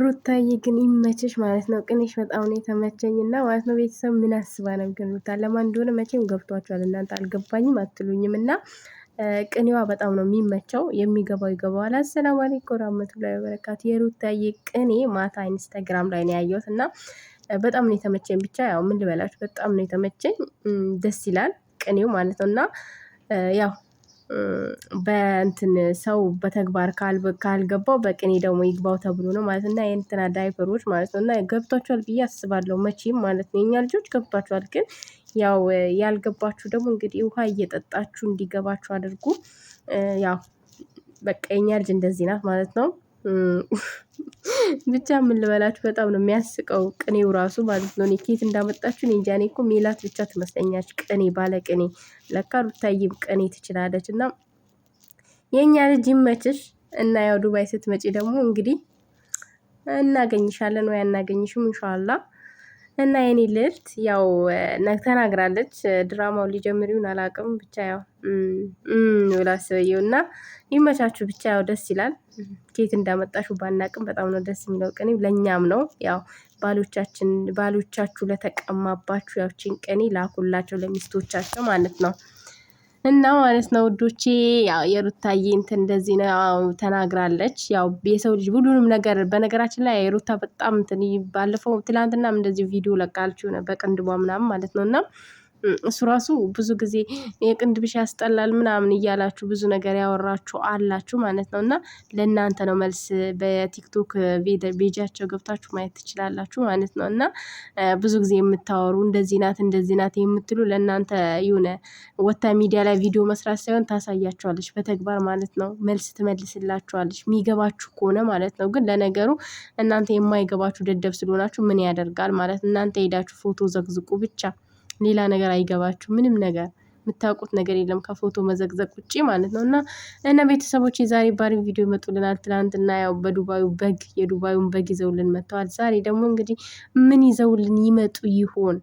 ሩታዬ ግን ይመችሽ ማለት ነው። ቅንሽ በጣም ነው የተመቸኝ እና ማለት ነው ቤተሰብ ምን አስባ ነው ግን ሩታ ለማን እንደሆነ መቼም ገብቷቸዋል። እናንተ አልገባኝም አትሉኝም እና ቅኔዋ በጣም ነው የሚመቸው። የሚገባው ይገባዋል። አሰላሙ አለይኩም ወራህመቱላሂ ወበረካቱ። የሩታዬ ቅኔ ማታ ኢንስታግራም ላይ ነው ያየሁት እና በጣም ነው የተመቸኝ። ብቻ ያው ምን ልበላችሁ፣ በጣም ነው የተመቸኝ። ደስ ይላል ቅኔው ማለት ነው እና ያው በእንትን ሰው በተግባር ካልገባው በቅኔ ደግሞ ይግባው ተብሎ ነው ማለት እና የእንትና ዳይፐሮች ማለት ነው እና ገብቷቸዋል ብዬ አስባለሁ። መቼም ማለት ነው የኛ ልጆች ገብቷቸዋል። ግን ያው ያልገባችሁ ደግሞ እንግዲህ ውሃ እየጠጣችሁ እንዲገባችሁ አድርጉ። ያው በቃ የኛ ልጅ እንደዚህ ናት ማለት ነው። ብቻ ምን ልበላችሁ በጣም ነው የሚያስቀው ቅኔው ራሱ ማለት ነው። ኬት እንዳመጣችሁ እኔ እንጃ። እኔ እኮ ሜላት ብቻ ትመስለኛች ቅኔ ባለ ቅኔ ለካ ሩታዬም ቅኔ ትችላለች። እና የእኛ ልጅ ይመችሽ እና ያው ዱባይ ስትመጪ ደግሞ እንግዲህ እናገኝሻለን ወይ አናገኝሽም እንሻላ እና የኔ ልዕልት ያው ተናግራለች። ሊጀምር ይሁን አላውቅም ብቻ ያው ብላ እና ይመቻችሁ ብቻ ያው ደስ ይላል። ኬት እንዳመጣሹ ባናቅም በጣም ነው ደስ የሚለው ቅኔ ለእኛም ነው ያው ባሎቻችን ባሎቻችሁ ለተቀማባችሁ ያው ቺን ቅኔ ላኩላቸው ለሚስቶቻቸው ማለት ነው። እና ማለት ነው ውዶቼ የሩታዬ እንትን እንደዚህ ነው ተናግራለች። ያው የሰው ልጅ ሁሉንም ነገር በነገራችን ላይ የሩታ በጣም እንትን ባለፈው ትላንትናም እንደዚህ ቪዲዮ ለቃልችሁ ነበር ቅንድቧ ምናምን ማለት ነው እና እሱ ራሱ ብዙ ጊዜ የቅንድ ብሽ ያስጠላል ምናምን እያላችሁ ብዙ ነገር ያወራችሁ አላችሁ ማለት ነው። እና ለእናንተ ነው መልስ። በቲክቶክ ቤጃቸው ገብታችሁ ማየት ትችላላችሁ ማለት ነው። እና ብዙ ጊዜ የምታወሩ እንደዚህ ናት እንደዚህ ናት የምትሉ ለእናንተ የሆነ ወታ ሚዲያ ላይ ቪዲዮ መስራት ሳይሆን ታሳያችኋለች፣ በተግባር ማለት ነው። መልስ ትመልስላችኋለች የሚገባችሁ ከሆነ ማለት ነው። ግን ለነገሩ እናንተ የማይገባችሁ ደደብ ስለሆናችሁ ምን ያደርጋል ማለት እናንተ ሄዳችሁ ፎቶ ዘግዝቁ ብቻ ሌላ ነገር አይገባችሁ ምንም ነገር የምታውቁት ነገር የለም ከፎቶ መዘግዘቅ ውጪ ማለት ነው። እና እና ቤተሰቦች የዛሬ ባሪ ቪዲዮ ይመጡልናል። ትናንትና ያው በዱባዩ በግ የዱባዩን በግ ይዘውልን መጥተዋል። ዛሬ ደግሞ እንግዲህ ምን ይዘውልን ይመጡ ይሆን?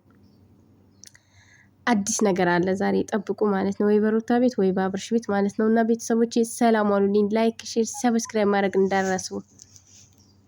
አዲስ ነገር አለ ዛሬ ጠብቁ ማለት ነው። ወይ በሩታ ቤት ወይ በአብርሽ ቤት ማለት ነው። እና ቤተሰቦች ሰላም አሉልኝ። ላይክ፣ ሼር፣ ሰብስክራይብ ማድረግ እንዳረሱ